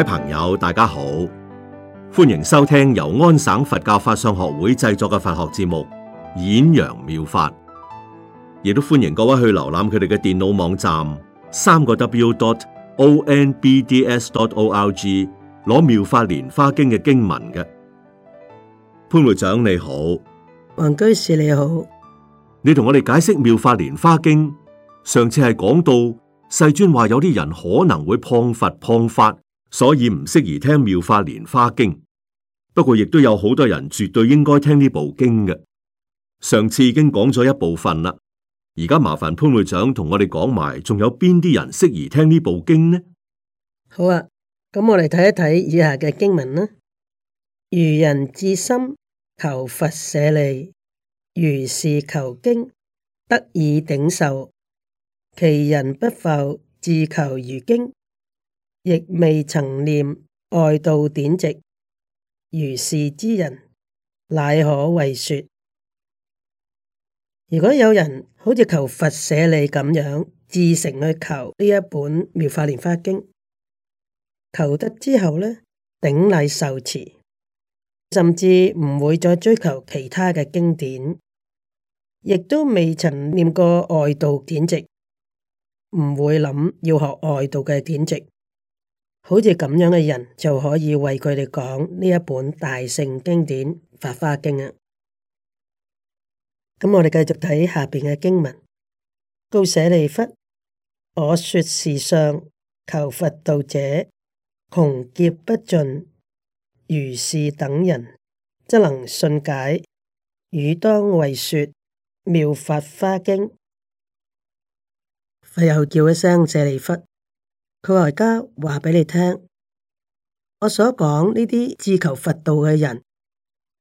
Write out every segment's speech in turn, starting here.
各位朋友，大家好，歡迎收聽由安省佛教法相學會製作嘅佛學節目《演揚妙法》，亦都歡迎各位去瀏覽佢哋嘅電腦網站三個 W dot onbds dot olg 攞《妙法蓮花經》嘅經文嘅。潘會長你好，黃居士你好，你同我哋解釋《妙法蓮花經》，上次係講到世尊話有啲人可能會謗佛謗法。所以唔適宜聽《妙法蓮花經》，不過亦都有好多人絕對應該聽呢部經嘅。上次已經講咗一部分啦，而家麻煩潘會長同我哋講埋，仲有邊啲人適宜聽呢部經呢？好啊，咁我哋睇一睇以下嘅經文啦。如人至心求佛舍利，如是求經得以頂受，其人不浮自求如經。亦未曾念外道典籍，如是之人，乃可為說。如果有人好似求佛舍利咁樣，至誠去求呢一本《妙法蓮花經》，求得之後呢，頂禮受持，甚至唔會再追求其他嘅經典，亦都未曾念過外道典籍，唔會諗要學外道嘅典籍。好似咁樣嘅人就可以為佢哋講呢一本大聖經典《法華經》啊！咁我哋繼續睇下邊嘅經文。告舍利弗，我說是上求佛道者，窮劫不盡如是等人，則能信解，汝當為說妙法華經。佛又叫一聲舍利弗。佢話而家話畀你聽，我所講呢啲自求佛道嘅人，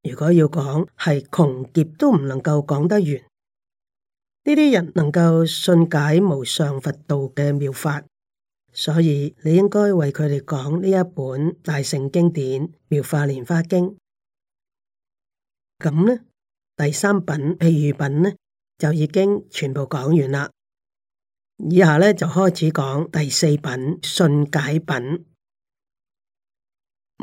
如果要講係窮劫都唔能夠講得完，呢啲人能夠信解無上佛道嘅妙法，所以你應該為佢哋講呢一本大聖經典《妙法蓮花經》。咁呢第三品、譬喻品呢，就已經全部講完啦。以下呢就開始講第四品信解品。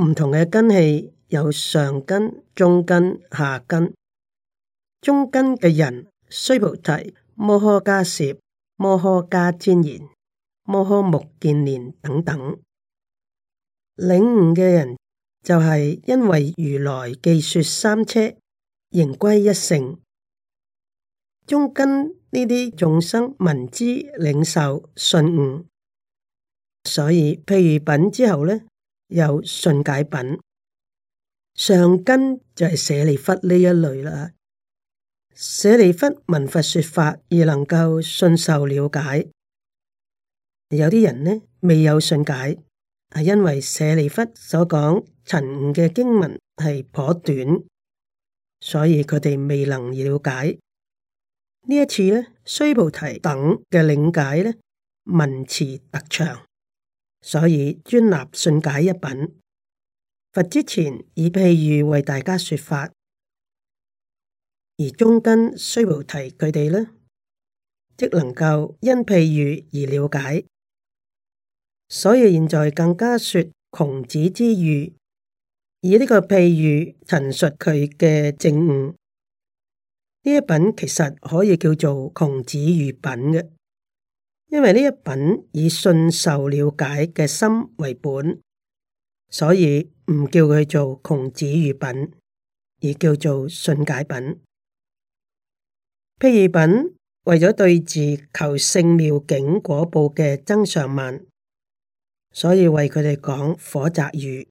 唔同嘅根器有上根、中根、下根。中根嘅人須菩提、摩訶迦葉、摩訶迦旃延、摩訶目犍連等等，領悟嘅人就係、是、因為如來既說三車，仍歸一乘。中根。呢啲眾生聞知領受信悟，所以譬如品之後咧，有信解品。上根就係舍利弗呢一類啦。舍利弗聞佛說法而能夠信受了解，有啲人呢未有信解，係因為舍利弗所講陳悟嘅經文係頗短，所以佢哋未能了解。呢一次呢，須菩提等嘅領解呢，文辭特長，所以專立信解一品。佛之前以譬喻為大家說法，而中根須菩提佢哋呢，即能夠因譬喻而了解，所以現在更加說窮子之喻，以呢個譬喻陳述佢嘅正悟。呢一品其實可以叫做窮子喻品嘅，因為呢一品以信受了解嘅心為本，所以唔叫佢做窮子喻品，而叫做信解品。譬喻品為咗對治求聖妙景果報嘅增上慢，所以為佢哋講火宅喻。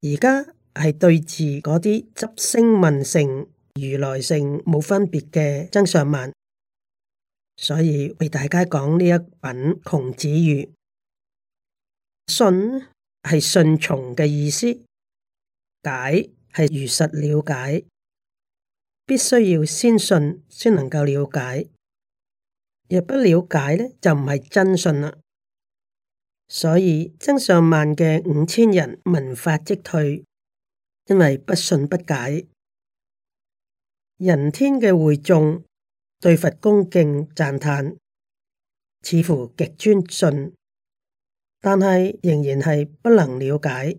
而家係對治嗰啲執聲聞性。如來性冇分別嘅增上慢，所以為大家講呢一品窮子喻。信係信從嘅意思，解係如實了解，必須要先信先能夠了解。若不了解呢，就唔係真信啦。所以增上慢嘅五千人聞法即退，因為不信不解。人天嘅會眾對佛恭敬讚歎，似乎極尊信，但係仍然係不能了解。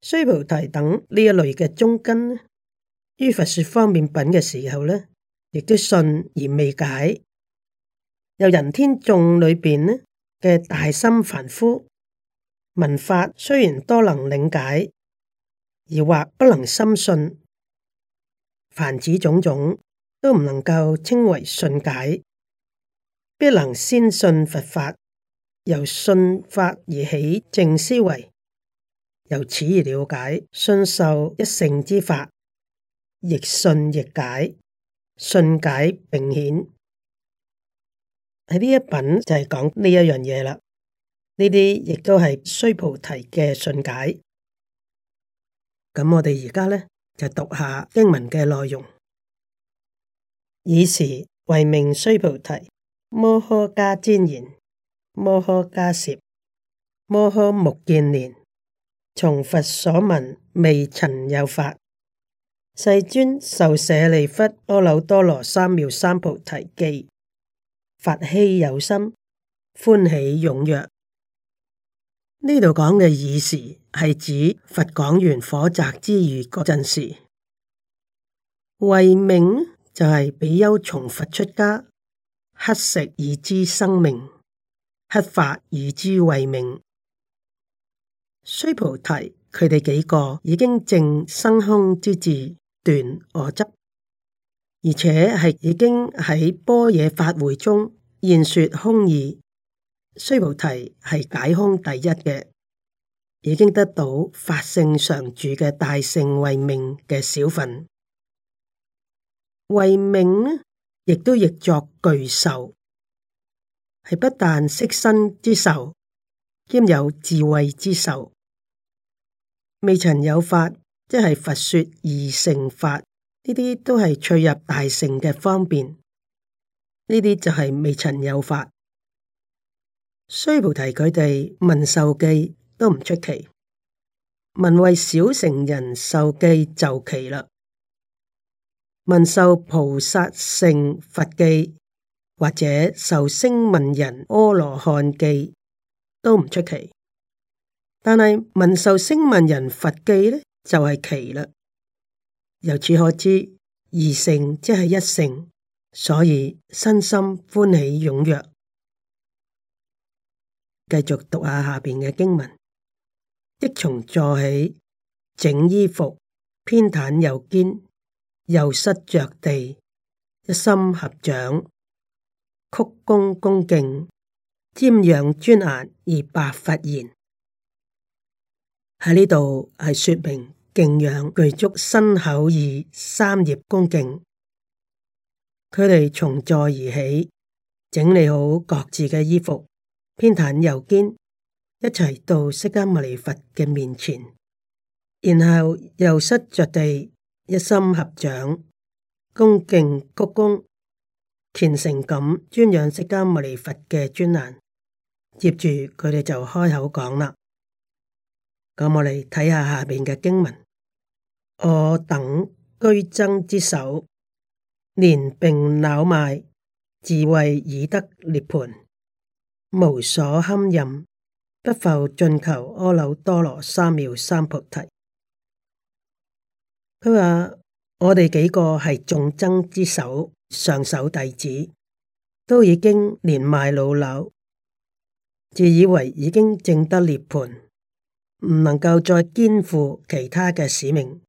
須菩提等呢一類嘅中根，於佛說方便品嘅時候呢，亦都信而未解。有人天眾裏邊呢嘅大心凡夫聞法，雖然多能領解，而或不能深信。凡此種種都唔能夠稱為信解，必能先信佛法，由信法而起正思維，由此而了解信受一乘之法，亦信亦解，信解並顯。喺呢一品就係講呢一樣嘢啦，呢啲亦都係須菩提嘅信解。咁我哋而家呢？嘅讀下英文嘅內容，以是為名。須菩提，摩訶迦旃延，摩訶迦涉，摩訶木建連，從佛所聞，未曾有法，世尊受舍利弗、阿耨多羅三藐三菩提記，佛喜有心，歡喜踴躍。呢度講嘅以是。係指佛講完火宅之喻嗰陣時，慧命就係比丘從佛出家，乞食以知生命，乞法以知慧命。須菩提，佢哋幾個已經證生空之智，斷我執，而且係已經喺般若法會中言說空義。須菩提係解空第一嘅。已經得到法性常住嘅大乘為命嘅小份，為命呢，亦都譯作巨受，係不但色身之受，兼有智慧之受。未曾有法，即係佛說二乘法，呢啲都係趣入大乘嘅方便，呢啲就係未曾有法。須菩提佢哋問受記。都唔出奇。聞為小乘人受記就奇啦。聞受菩薩乘佛記或者受聲聞人阿羅漢記都唔出奇。但係聞受聲聞人佛記呢，就係奇啦。由此可知二乘即係一乘，所以身心歡喜踴躍。繼續讀下下邊嘅經文。即從坐起，整衣服，偏袒右肩，右膝着地，一心合掌，曲躬恭敬，瞻仰尊顏而白佛言：喺呢度係說明敬仰具足身口意三業恭敬，佢哋從坐而起，整理好各自嘅衣服，偏袒右肩。一齊到釋迦牟尼佛嘅面前，然後右膝著地，一心合掌，恭敬鞠躬，虔誠咁瞻仰釋迦牟尼佛嘅尊顏。接住佢哋就開口講啦。咁我嚟睇下下邊嘅經文：我等居僧之首，年並朽邁，自謂已得涅槃，無所堪任。不復進求阿耨多羅三藐三菩提。佢話我哋幾個係眾僧之首、上首弟子，都已經年邁老朽，自以為已經證得涅槃，唔能夠再肩負其他嘅使命，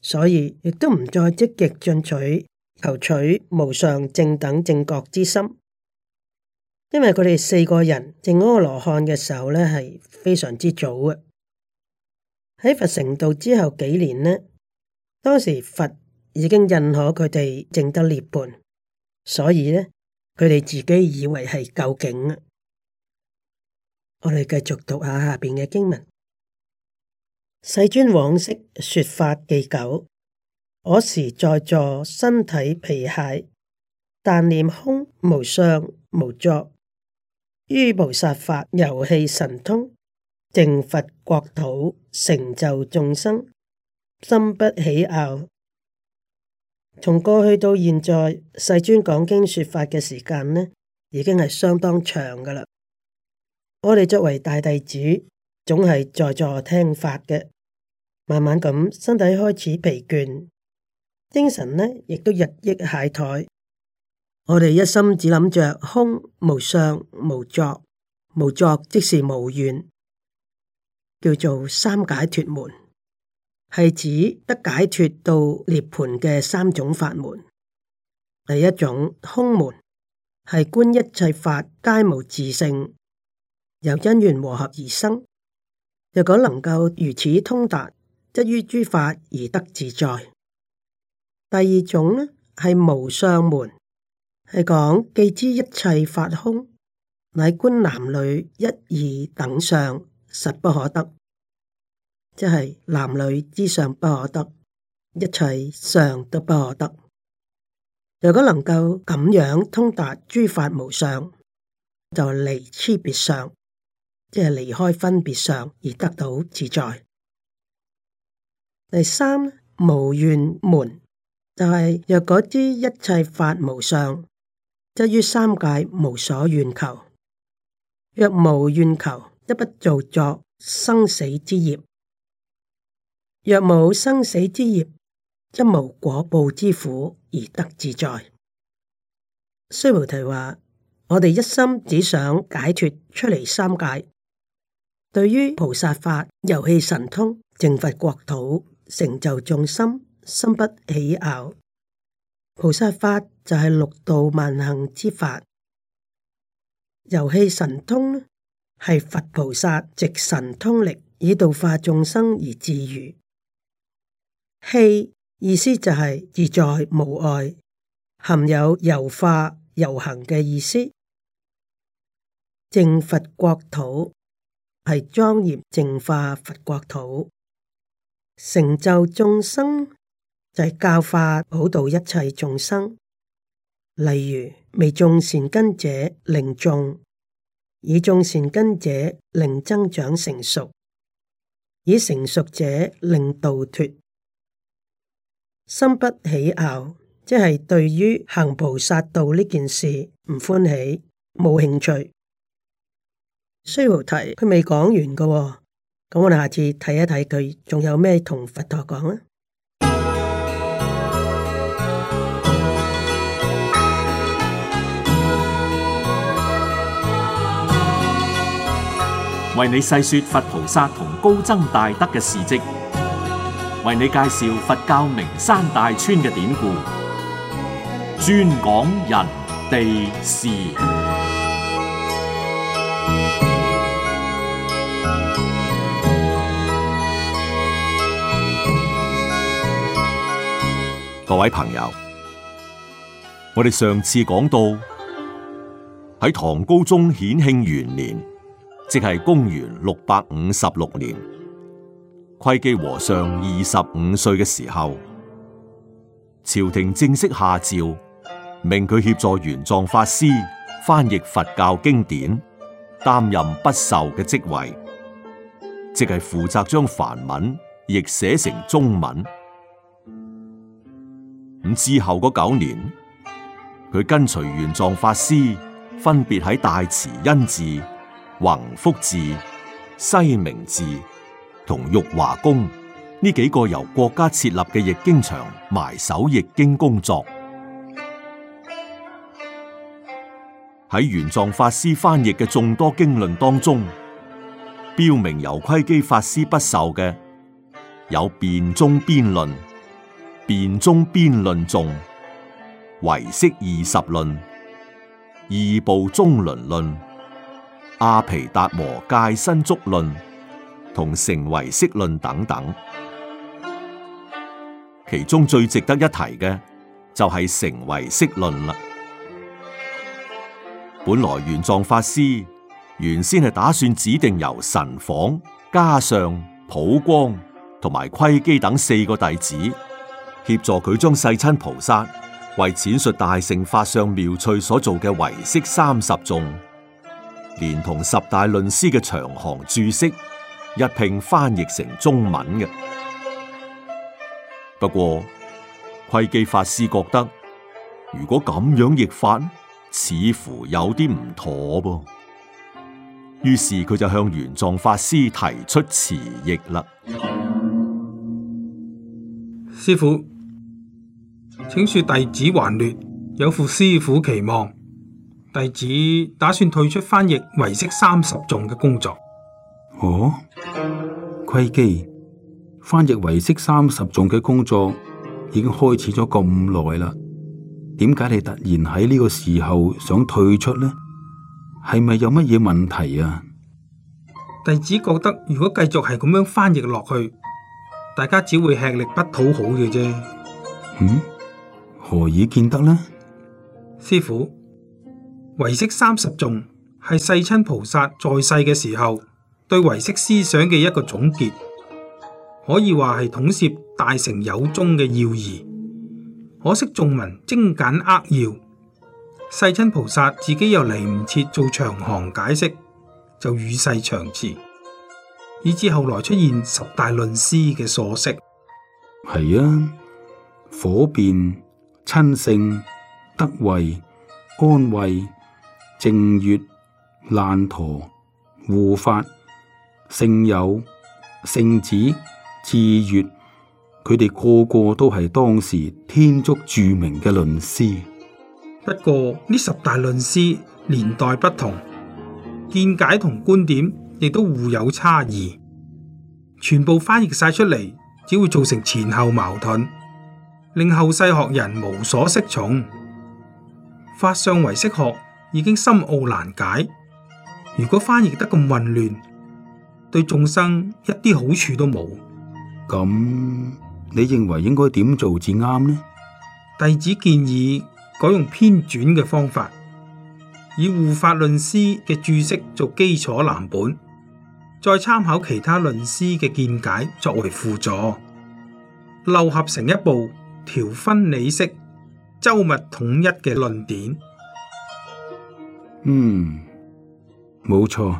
所以亦都唔再積極進取求取無上正等正覺之心。因為佢哋四個人正淨阿羅漢嘅時候咧，係非常之早嘅。喺佛成道之後幾年呢，當時佛已經認可佢哋證得涅槃，所以呢，佢哋自己以為係究竟。我哋繼續讀下下面嘅經文：世尊往昔說法既久，我時在座，身體疲懈，但念空無相無作。於菩薩法遊戲神通、淨佛國土、成就眾生，心不喜樂。從過去到現在，世尊講經説法嘅時間呢，已經係相當長㗎喇。我哋作為大弟子，總係在座聽法嘅，慢慢咁身體開始疲倦，精神呢亦都日益懈怠。我哋一心只諗着空、無相、無作，無作即是無願，叫做三解脱門，係指得解脱到涅盤嘅三種法門。第一種空門，係觀一切法皆無自性，由因緣和合而生。若果能夠如此通達，則於諸法而得自在。第二種呢係無相門。係講，既知一切法空，乃觀男女一二等相實不可得，即係男女之相不可得，一切相都不可得。若果能夠咁樣通達諸法無相，就離差別相，即係離開分別相而得到自在。第三呢，無願門就係、是、若果知一切法無相。則於三界無所願求。若無願求，則不造作生死之業；若無生死之業，則無果報之苦，而得自在。須菩提話：我哋一心只想解脱出嚟三界，對於菩薩法、遊戲神通、淨佛國土、成就眾生，心不起傲。菩薩法就係六度萬行之法，遊戲神通呢係佛菩薩藉神通力以度化眾生而自如。戲意思就係自在無礙，含有遊化遊行嘅意思。淨佛國土係莊嚴淨化佛國土，成就眾生。係教化、普渡一切眾生，例如未種善根者令種，已種善根者令增長成熟，已成熟者令度脫。心不起拗，即係對於行菩薩道呢件事唔歡喜、冇興趣。須菩提，佢未講完噶喎，咁我哋下次睇一睇佢仲有咩同佛陀講啊！為你細說佛菩薩同高僧大德嘅事跡，為你介紹佛教名山大川嘅典故，專講人地事。各位朋友，我哋上次講到喺唐高宗顯慶元年。即係公元六百五十六年，窺基和尚二十五歲嘅時候，朝廷正式下詔命佢協助玄奘法師翻譯佛教經典，擔任不受嘅職位，即係負責將梵文譯寫成中文。咁之後嗰九年，佢跟隨玄奘法師，分別喺大慈恩寺。弘福寺、西明寺同玉華宮呢幾個由國家設立嘅譯經場埋首譯經工作，喺玄奘法師翻譯嘅眾多經論當中，標明由窺基法師筆受嘅有辯辯《辯中邊論》《辯中邊論頌》《唯識二十論》《異部宗輪論》。《阿皮達摩界身足論》同《成為色論》等等，其中最值得一提嘅就係、是《成為色論》啦。本來玄狀法師原先係打算指定由神房、加上普光同埋窺基等四個弟子協助佢將世親菩薩為闡述大乘法上妙趣所做嘅維色三十頌。連同十大論師嘅長行注釋一併翻譯成中文嘅。不過，窺基法師覺得如果咁樣譯法，似乎有啲唔妥噃、哦。於是佢就向玄奘法師提出辭譯啦。師父，請恕弟子頑劣，有負師父期望。弟子打算退出翻譯唯識三十頌嘅工作。哦，窺基，翻譯唯識三十頌嘅工作已經開始咗咁耐啦，點解你突然喺呢個時候想退出呢？係咪有乜嘢問題啊？弟子覺得如果繼續係咁樣翻譯落去，大家只會吃力不討好嘅啫。嗯，何以見得呢？師父。唯識三十頌係世親菩薩在世嘅時候對唯識思想嘅一個總結，可以話係統攝大乘有宗嘅要義。可惜頌文精簡扼要，世親菩薩自己又嚟唔切做長行解釋，就與世長辭，以至後來出現十大論師嘅所識。係啊，火辨親性德慧、安慧。淨月、難陀、護法、勝友、勝子、智月，佢哋個個都係當時天竺著名嘅論師。不過呢十大論師年代不同，見解同觀點亦都互有差異，全部翻譯晒出嚟，只會造成前後矛盾，令後世學人無所適從。法相唯識學。已經深奧難解，如果翻譯得咁混亂，對眾生一啲好處都冇。咁你認為應該點做至啱呢？弟子建議改用編纂嘅方法，以護法論師嘅注釋做基礎藍本，再參考其他論師嘅見解作為輔助，糅合成一部條分理析、周密統一嘅論點。嗯，冇錯，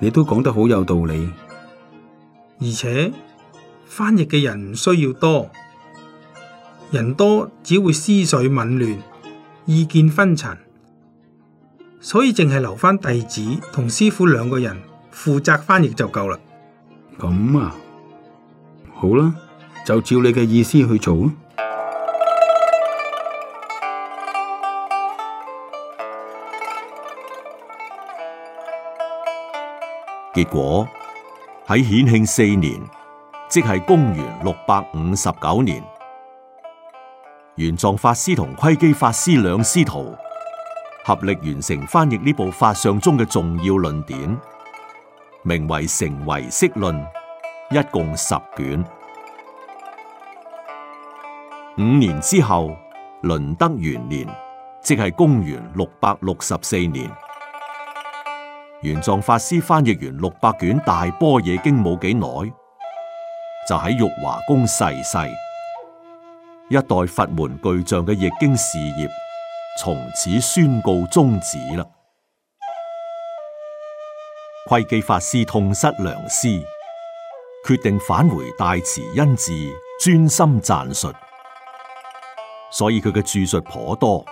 你都講得好有道理，而且翻譯嘅人唔需要多，人多只會思緒紊亂，意見紛陳，所以淨係留返弟子同師傅兩個人負責翻譯就夠啦。咁啊，好啦，就照你嘅意思去做。結果喺顯慶四年，即係公元六百五十九年，玄奘法師同窺基法師兩師徒合力完成翻譯呢部《法相宗》嘅重要論典，名為《成唯識論》，一共十卷。五年之後，麟德元年，即係公元六百六十四年。圓奘法師翻譯完六百卷大般若經冇幾耐，就喺玉華宮逝世。一代佛門巨匠嘅譯經事業從此宣告終止啦。窺基法師痛失良師，決定返回大慈恩寺專心撰述，所以佢嘅著述頗多。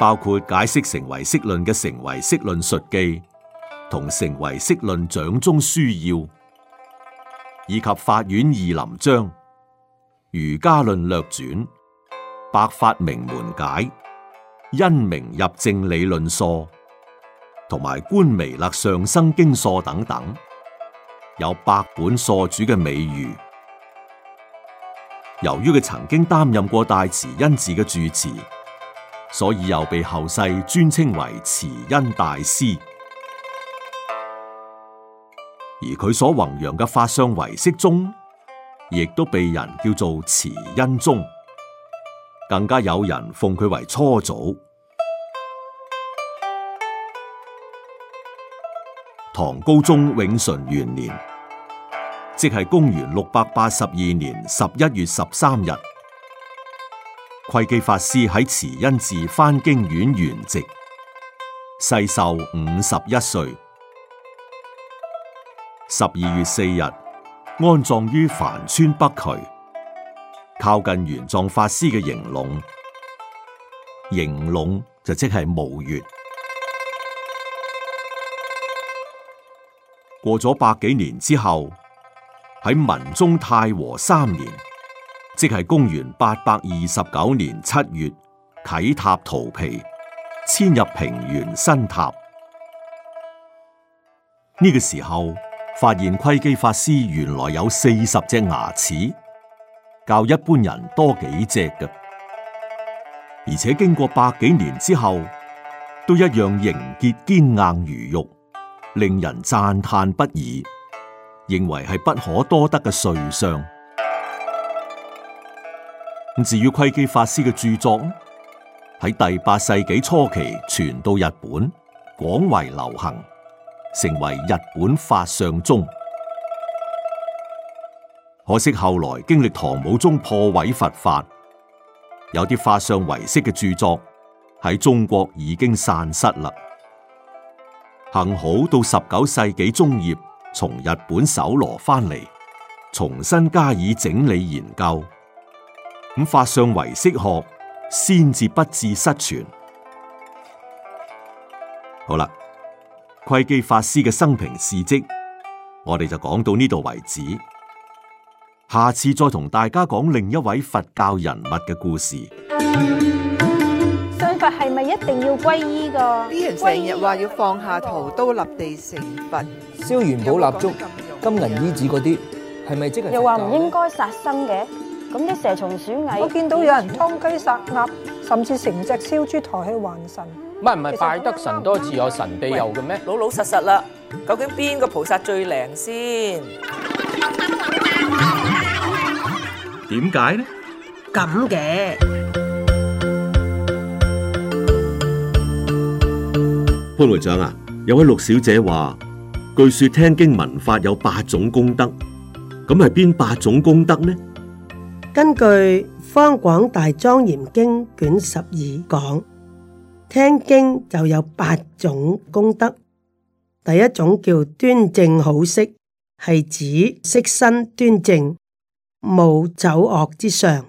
包括解釋成唯識論嘅《成唯識論述記》同《成唯識論掌中樞要》，以及《法苑義林章》、《瑜伽論略纂》、《百法明門解》、《因明入正理論疏》同埋《觀彌勒上生經疏》等等，有百本疏主嘅美譽。由於佢曾經擔任過大慈恩寺嘅住持。所以又被後世尊稱為慈恩大師，而佢所弘揚嘅法相唯識宗，亦都被人叫做慈恩宗，更加有人奉佢為初祖。唐高宗永淳元年，即係公元六百八十二年十一月十三日。窺基法師喺慈恩寺翻經院圓寂，世壽五十一歲。十二月四日安葬於樊村北渠，靠近玄奘法師嘅迎龍。迎龍就即係墓穴。過咗百幾年之後，喺文宗太和三年。即係公元八百二十九年七月，啟塔荼毗，遷入平原新塔。呢、這個時候發現窺基法師原來有四十隻牙齒，較一般人多幾隻嘅，而且經過百幾年之後，都一樣凝結堅硬如玉，令人讚嘆不已，認為係不可多得嘅瑞相。至於窺基法師嘅著作，喺第八世紀初期傳到日本，廣為流行，成為日本法相宗。可惜後來經歷唐武宗破毀佛法，有啲法相遺失嘅著作喺中國已經散失啦。幸好到十九世紀中葉，從日本搜羅翻嚟，重新加以整理研究。咁法相唯識學，先至不致失傳。好啦，窺基法師嘅生平事跡，我哋就講到呢度為止。下次再同大家講另一位佛教人物嘅故事。信、嗯嗯、佛係咪一定要皈依噶？呢人成日話要放下屠刀立地成佛，燒元寶蠟燭、金銀衣紙嗰啲，係咪、嗯、即係又話唔應該殺生嘅？咁啲蛇蟲鼠蟻，我見到有人劏雞殺鴨，甚至成隻燒豬抬起還神。唔係唔係，拜得神多自有神庇佑嘅咩？老老實實啦，究竟邊個菩薩最靈先？點解呢？咁嘅潘會長啊，有位陸小姐話，據說聽經聞法有八種功德，咁係邊八種功德呢？根據《方廣大莊嚴經卷十二》講，聽經就有八種功德。第一種叫端正好色，係指色身端正，無醜惡之相。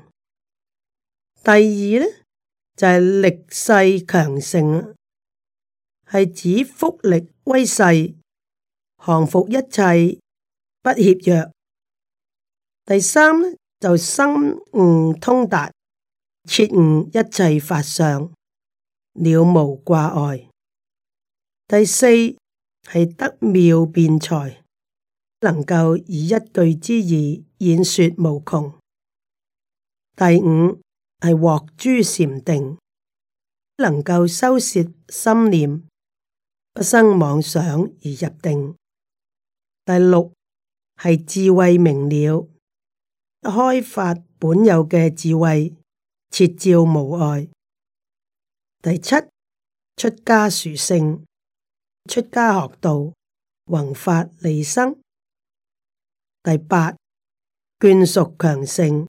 第二呢就係力勢強盛啦，係指福力威勢，降服一切，不怯弱。第三呢。就心悟通達，徹悟一切法相，了無掛礙。第四係得妙辯才，能夠以一句之義演說無窮。第五係獲諸禪定，能夠修攝心念，不生妄想而入定。第六係智慧明了。開發本有嘅智慧，徹照無礙。第七出家殊勝，出家學道，弘法利生。第八眷屬強盛，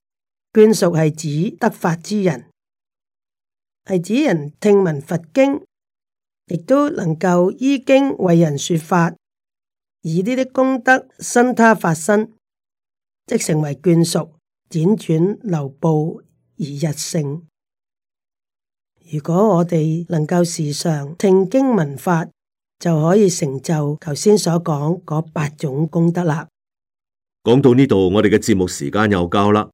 眷屬係指得法之人，係指人聽聞佛經，亦都能夠依經為人說法，以呢啲功德生他法身，即成為眷屬，輾轉流布而日盛。如果我哋能夠時常聽經聞法，就可以成就頭先所講嗰八種功德啦。講到呢度，我哋嘅節目時間又夠啦。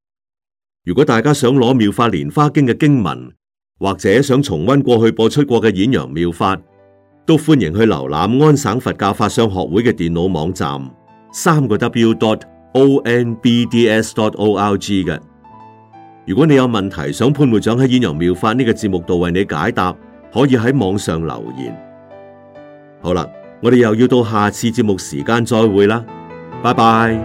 如果大家想攞妙法蓮花經嘅經文，或者想重溫過去播出過嘅演揚妙法，都歡迎去瀏覽安省佛教法相學會嘅電腦網站，三個 W dot。ONBDS.ORG 嘅，如果你有問題想潘會長喺《演陽妙法》呢個節目度為你解答，可以喺網上留言。好啦，我哋又要到下次節目時間再會啦，拜拜。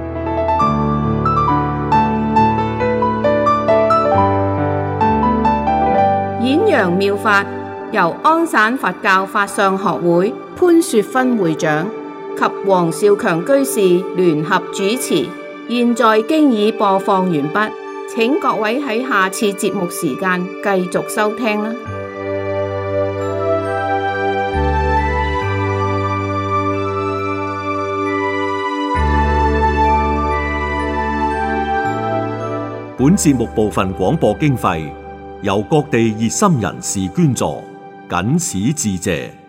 《演陽妙法》由安省佛教法相學會潘雪芬會長及王少強居士聯合主持，現在經已播放完畢，請各位喺下次節目時間繼續收聽啦。本節目部分廣播經費由各地熱心人士捐助，謹此致謝。